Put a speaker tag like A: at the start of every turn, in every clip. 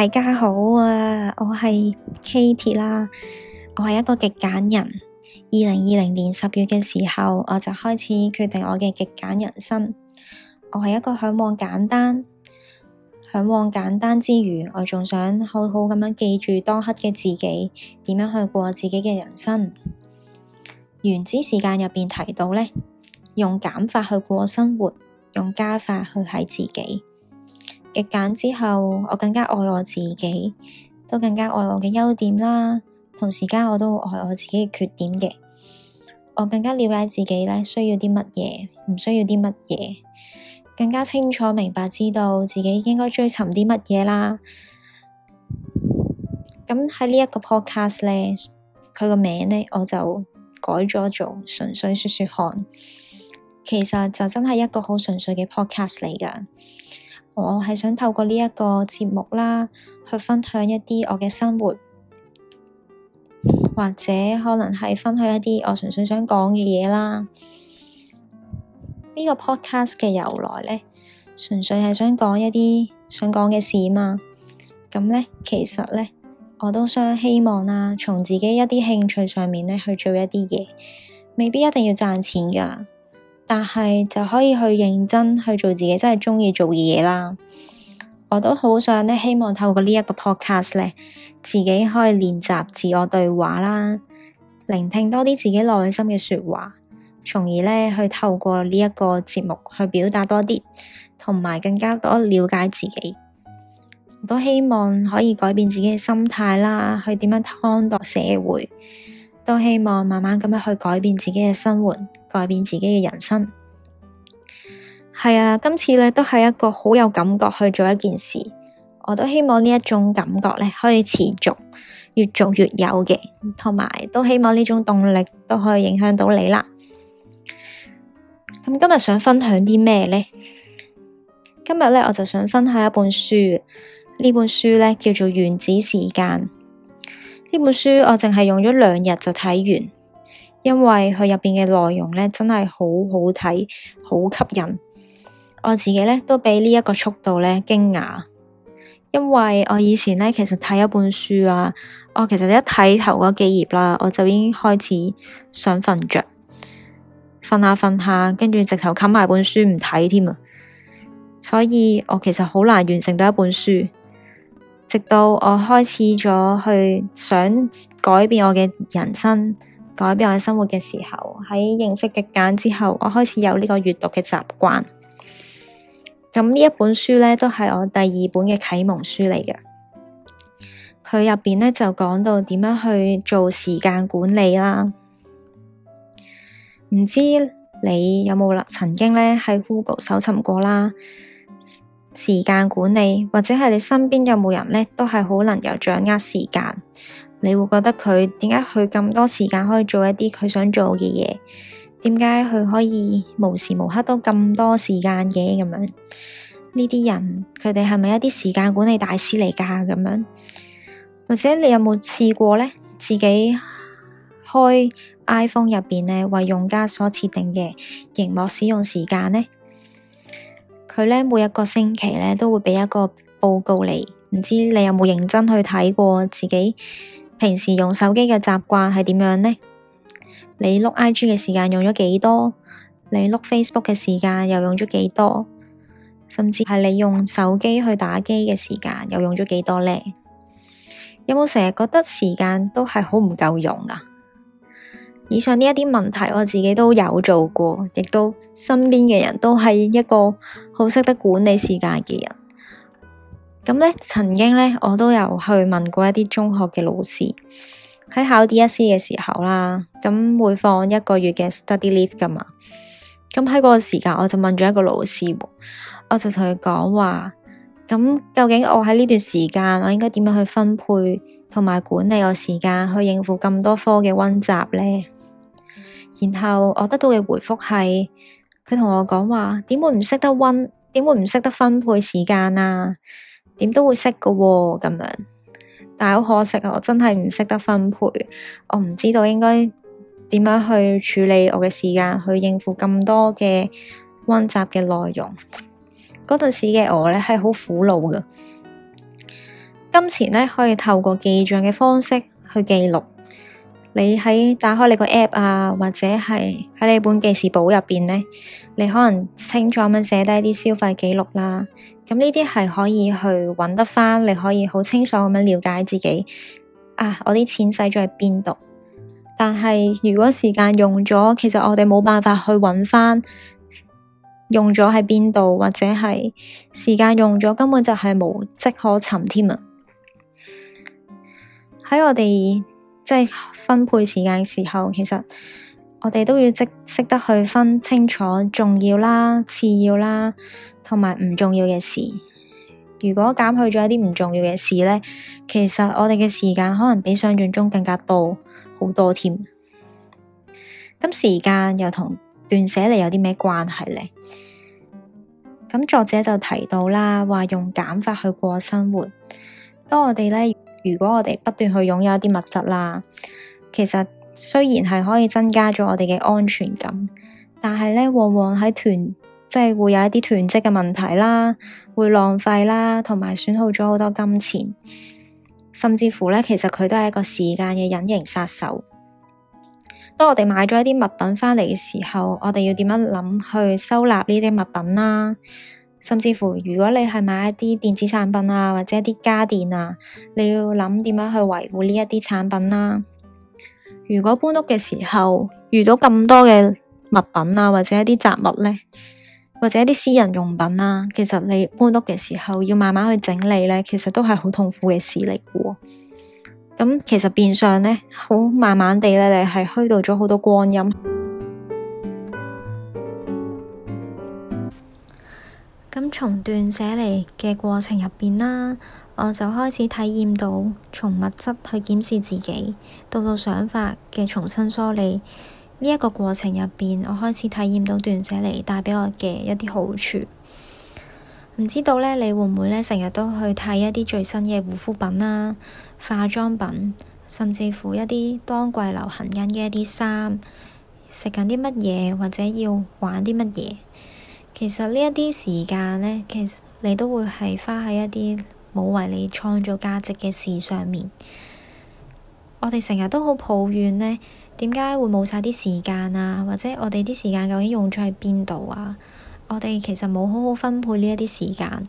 A: 大家好啊！我係 Kitty 啦，我係一個極簡人。二零二零年十月嘅時候，我就開始決定我嘅極簡人生。我係一個向往簡單，向往簡單之餘，我仲想好好咁樣記住當刻嘅自己，點樣去過自己嘅人生。原子時間入邊提到咧，用減法去過生活，用加法去睇自己。極簡之後，我更加愛我自己，都更加愛我嘅優點啦。同時間，我都愛我自己嘅缺點嘅。我更加了解自己咧，需要啲乜嘢，唔需要啲乜嘢，更加清楚明白，知道自己應該追尋啲乜嘢啦。咁喺呢一個 podcast 咧，佢個名咧，我就改咗做純粹說說看，其實就真係一個好純粹嘅 podcast 嚟㗎。我係想透過呢一個節目啦，去分享一啲我嘅生活，或者可能係分享一啲我純粹想講嘅嘢啦。呢個 podcast 嘅由來咧，純粹係想講一啲想講嘅事啊嘛。咁咧，其實咧，我都想希望啦，啊，從自己一啲興趣上面咧去做一啲嘢，未必一定要賺錢噶。但係就可以去認真去做自己真係中意做嘅嘢啦。我都好想咧，希望透過呢一個 Podcast 咧，自己可以練習自我對話啦，聆聽多啲自己內心嘅說話，從而咧去透過呢一個節目去表達多啲，同埋更加多了解自己。我都希望可以改變自己嘅心態啦，去點樣看待社會，都希望慢慢咁樣去改變自己嘅生活，改變自己嘅人生，係啊！今次咧都係一個好有感覺去做一件事，我都希望呢一種感覺咧可以持續，越做越有嘅，同埋都希望呢種動力都可以影響到你啦。咁今日想分享啲咩咧？今日咧我就想分享一本書，呢本書咧叫做《原子時間》。呢本書我淨係用咗兩日就睇完。因為佢入邊嘅內容咧，真係好好睇，好吸引。我自己咧都俾呢一個速度咧驚訝，因為我以前咧其實睇一本書啦，我其實一睇頭嗰幾頁啦，我就已經開始想瞓着，瞓下瞓下，跟住直頭冚埋本書唔睇添啊。所以我其實好難完成到一本書，直到我開始咗去想改變我嘅人生。改變我生活嘅時候，喺認識極簡之後，我開始有呢個閱讀嘅習慣。咁呢一本書呢，都係我第二本嘅啟蒙書嚟嘅。佢入邊呢，就講到點樣去做時間管理啦。唔知你有冇曾經呢？喺 Google 搜尋過啦？時間管理，或者係你身邊有冇人呢，都係可能有掌握時間。你會覺得佢點解去咁多時間可以做一啲佢想做嘅嘢？點解佢可以無時無刻都咁多時間嘅咁樣？呢啲人佢哋係咪一啲時間管理大師嚟噶？咁樣或者你有冇試過呢？自己開 iPhone 入邊呢，為用家所設定嘅熒幕使用時間呢？佢呢，每一個星期呢都會俾一個報告你。唔知你有冇認真去睇過自己？平時用手機嘅習慣係點樣呢？你碌 IG 嘅時間用咗幾多？你碌 Facebook 嘅時間又用咗幾多？甚至係你用手機去打機嘅時間又用咗幾多呢？有冇成日覺得時間都係好唔夠用啊？以上呢一啲問題我自己都有做過，亦都身邊嘅人都係一個好識得管理時間嘅人。咁咧，曾經咧，我都有去問過一啲中學嘅老師，喺考 DSE 嘅時候啦，咁會放一個月嘅 study leave 噶嘛。咁喺嗰個時間，我就問咗一個老師，我就同佢講話，咁究竟我喺呢段時間，我應該點樣去分配同埋管理我時間，去應付咁多科嘅溫習呢？然後我得到嘅回覆係，佢同我講話，點會唔識得溫？點會唔識得分配時間啊？點都會識噶喎，咁樣，但係好可惜啊！我真係唔識得分配，我唔知道應該點樣去處理我嘅時間，去應付咁多嘅溫習嘅內容。嗰陣時嘅我呢，係好苦惱噶。金錢呢，可以透過記賬嘅方式去記錄。你喺打開你個 app 啊，或者係喺你本記事簿入邊呢，你可能清楚咁寫低啲消費記錄啦。咁呢啲係可以去揾得翻，你可以好清楚咁樣了解自己啊！我啲錢使咗喺邊度？但係如果時間用咗，其實我哋冇辦法去揾翻用咗喺邊度，或者係時間用咗，根本就係無跡可尋添啊！喺我哋即係分配時間嘅時候，其實。我哋都要識得去分清楚重要啦、次要啦，同埋唔重要嘅事。如果減去咗一啲唔重要嘅事咧，其實我哋嘅時間可能比想象中更加多好多添。咁時間又同斷捨離有啲咩關係咧？咁作者就提到啦，話用減法去過生活。當我哋咧，如果我哋不斷去擁有一啲物質啦，其實。雖然係可以增加咗我哋嘅安全感，但係咧，往往喺團即係會有一啲囤積嘅問題啦，會浪費啦，同埋損耗咗好多金錢，甚至乎咧，其實佢都係一個時間嘅隱形殺手。當我哋買咗一啲物品返嚟嘅時候，我哋要點樣諗去收納呢啲物品啦？甚至乎，如果你係買一啲電子產品啊，或者一啲家電啊，你要諗點樣去維護呢一啲產品啦、啊。如果搬屋嘅時候遇到咁多嘅物品啊，或者一啲雜物呢，或者一啲私人用品啦、啊，其實你搬屋嘅時候要慢慢去整理呢，其實都係好痛苦嘅事嚟嘅、哦。咁其實變相呢，好慢慢地呢，你係虛度咗好多光陰。咁從斷捨離嘅過程入邊啦。我就開始體驗到，從物質去檢視自己，到到想法嘅重新梳理呢一個過程入邊，我開始體驗到斷捨離帶畀我嘅一啲好處。唔知道咧，你會唔會咧成日都去睇一啲最新嘅護膚品啦、化妝品、甚至乎一啲當季流行緊嘅一啲衫，食緊啲乜嘢，或者要玩啲乜嘢？其實呢一啲時間咧，其實你都會係花喺一啲。冇為你創造價值嘅事上面，我哋成日都好抱怨呢，點解會冇晒啲時間啊？或者我哋啲時間究竟用咗喺邊度啊？我哋其實冇好好分配呢一啲時間。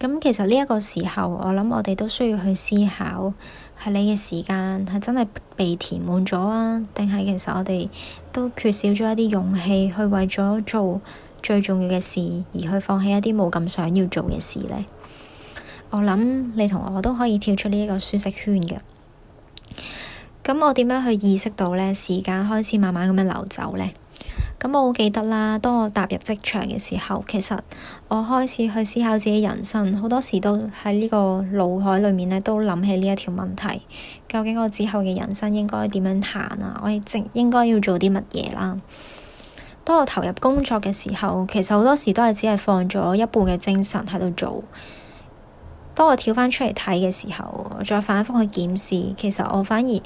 A: 咁其實呢一個時候，我諗我哋都需要去思考，係你嘅時間係真係被填滿咗啊，定係其實我哋都缺少咗一啲勇氣去為咗做最重要嘅事，而去放棄一啲冇咁想要做嘅事呢？我諗你同我都可以跳出呢一個舒適圈嘅。咁我點樣去意識到咧？時間開始慢慢咁樣流走咧。咁我好記得啦。當我踏入職場嘅時候，其實我開始去思考自己人生，好多時都喺呢個腦海裏面咧都諗起呢一條問題：究竟我之後嘅人生應該點樣行啊？我哋應該要做啲乜嘢啦？當我投入工作嘅時候，其實好多時都係只係放咗一半嘅精神喺度做。當我跳返出嚟睇嘅時候，我再反覆去檢視，其實我反而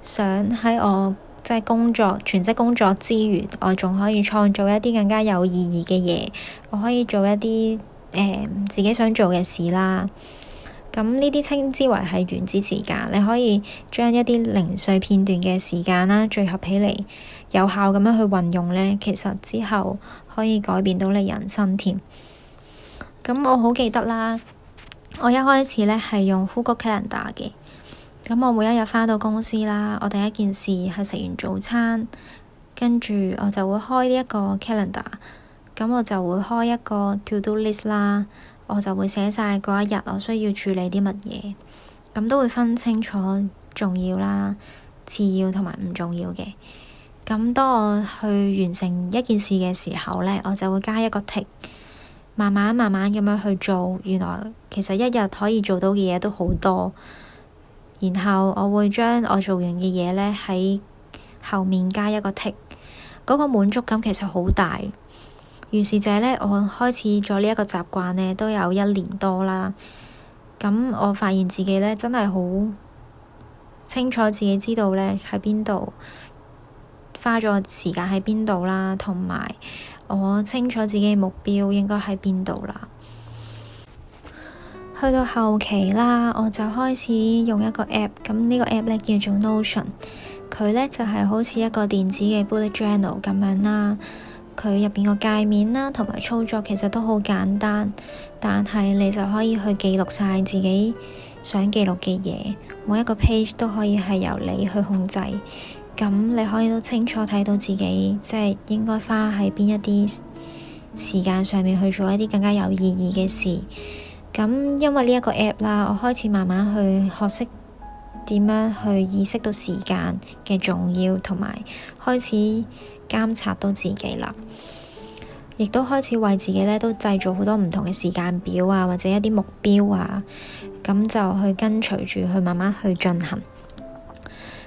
A: 想喺我即係工作全職工作之餘，我仲可以創造一啲更加有意義嘅嘢，我可以做一啲誒、呃、自己想做嘅事啦。咁呢啲稱之為係原子時間，你可以將一啲零碎片段嘅時間啦，聚合起嚟，有效咁樣去運用咧，其實之後可以改變到你人生添。咁我好記得啦。我一開始咧係用 Google Calendar 嘅，咁我每一日返到公司啦，我第一件事係食完早餐，跟住我就會開呢一個 Calendar，咁我就會開一個 To Do List 啦，我就會寫晒嗰一日我需要處理啲乜嘢，咁都會分清楚重要啦、次要同埋唔重要嘅，咁當我去完成一件事嘅時候咧，我就會加一個 tick。慢慢慢慢咁樣去做，原來其實一日可以做到嘅嘢都好多。然後我會將我做完嘅嘢咧喺後面加一個 tick，嗰個滿足感其實好大。於是者咧，我開始咗呢一個習慣咧，都有一年多啦。咁我發現自己咧真係好清楚自己知道咧喺邊度花咗時間喺邊度啦，同埋，我清楚自己嘅目標應該喺邊度啦。去到後期啦，我就開始用一個 app，咁呢個 app 咧叫做 Notion，佢咧就係好似一個電子嘅 bullet journal 咁樣啦。佢入邊個界面啦，同埋操作其實都好簡單，但係你就可以去記錄晒自己想記錄嘅嘢，每一個 page 都可以係由你去控制。咁你可以都清楚睇到自己即係、就是、應該花喺邊一啲時間上面去做一啲更加有意義嘅事。咁因為呢一個 app 啦，我開始慢慢去學識點樣去意識到時間嘅重要，同埋開始監察到自己啦，亦都開始為自己咧都製造好多唔同嘅時間表啊，或者一啲目標啊，咁就去跟隨住去慢慢去進行。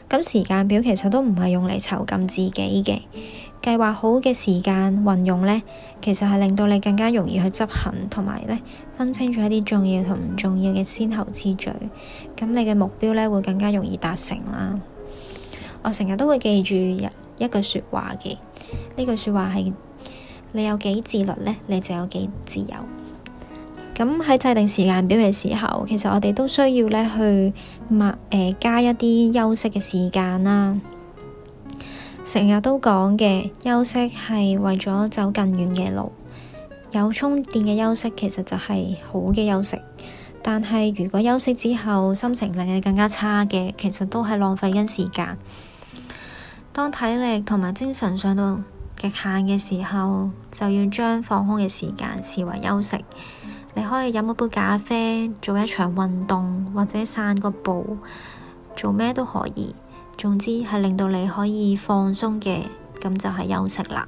A: 咁時間表其實都唔係用嚟囚禁自己嘅，計劃好嘅時間運用咧，其實係令到你更加容易去執行，同埋咧分清楚一啲重要同唔重要嘅先後次序，咁你嘅目標咧會更加容易達成啦。我成日都會記住一一句說話嘅，呢句說話係：你有幾自律咧，你就有幾自由。咁喺制定時間表嘅時候，其實我哋都需要呢去麥誒、呃、加一啲休息嘅時間啦。成日都講嘅休息係為咗走更遠嘅路，有充電嘅休息其實就係好嘅休息。但係如果休息之後心情令係更加差嘅，其實都係浪費緊時間。當體力同埋精神上到極限嘅時候，就要將放空嘅時間視為休息。你可以飲一杯咖啡，做一場運動或者散個步，做咩都可以。總之係令到你可以放鬆嘅，咁就係休息啦。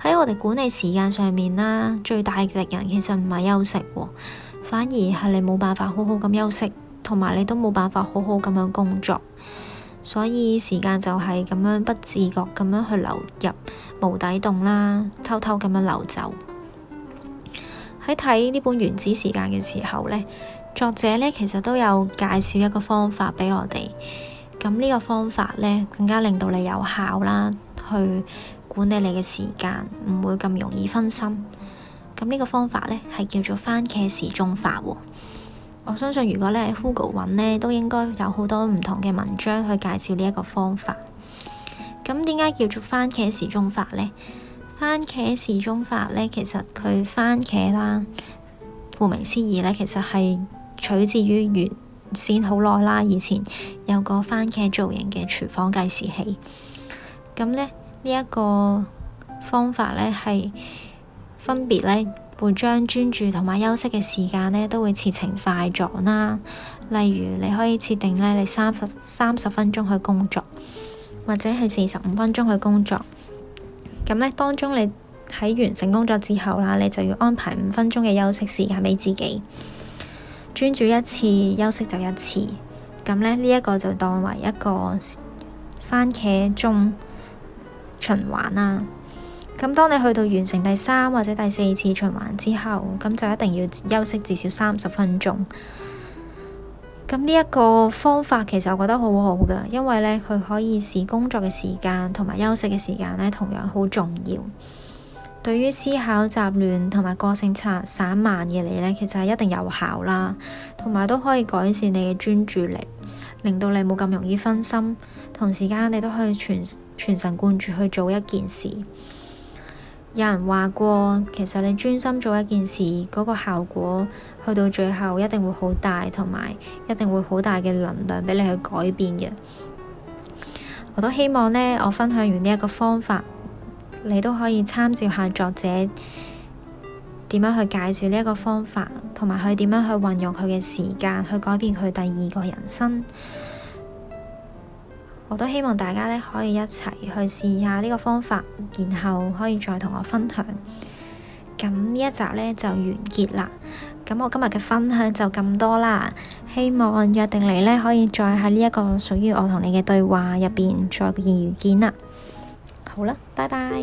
A: 喺我哋管理時間上面啦，最大嘅敵人其實唔係休息，反而係你冇辦法好好咁休息，同埋你都冇辦法好好咁樣工作。所以時間就係咁樣不自覺咁樣去流入無底洞啦，偷偷咁樣流走。喺睇呢本《原子時間》嘅時候呢，作者呢，其實都有介紹一個方法俾我哋。咁呢個方法呢，更加令到你有效啦，去管理你嘅時間，唔會咁容易分心。咁呢個方法呢係叫做番茄時鐘法喎、哦。我相信如果你喺 Google 揾呢，都應該有好多唔同嘅文章去介紹呢一個方法。咁點解叫做番茄時鐘法呢？番茄時鐘法咧，其實佢番茄啦，顧名思義咧，其實係取自於原先好耐啦。以前有個番茄造型嘅廚房計時器。咁咧，呢、這、一個方法咧，係分別咧會將專注同埋休息嘅時間咧都會設成快咗啦。例如你可以設定咧，你三十三十分鐘去工作，或者係四十五分鐘去工作。咁咧，當中你喺完成工作之後啦，你就要安排五分鐘嘅休息時間俾自己，專注一次，休息就一次。咁咧呢一個就當為一個番茄鐘循環啦。咁當你去到完成第三或者第四次循環之後，咁就一定要休息至少三十分鐘。咁呢一個方法其實我覺得好好㗎，因為呢，佢可以使工作嘅時間同埋休息嘅時間呢同樣好重要。對於思考雜亂同埋個性散散漫嘅你呢，其實係一定有效啦，同埋都可以改善你嘅專注力，令到你冇咁容易分心，同時間你都可以全全神貫注去做一件事。有人話過，其實你專心做一件事，嗰個效果去到最後一定會好大，同埋一定會好大嘅能量畀你去改變嘅。我都希望呢，我分享完呢一個方法，你都可以參照下作者點樣去介紹呢一個方法，同埋可以點樣去運用佢嘅時間去改變佢第二個人生。我都希望大家咧可以一齊去試下呢個方法，然後可以再同我分享。咁呢一集呢就完結啦。咁我今日嘅分享就咁多啦，希望約定你呢可以再喺呢一個屬於我同你嘅對話入邊再見遇見啦。好啦，拜拜。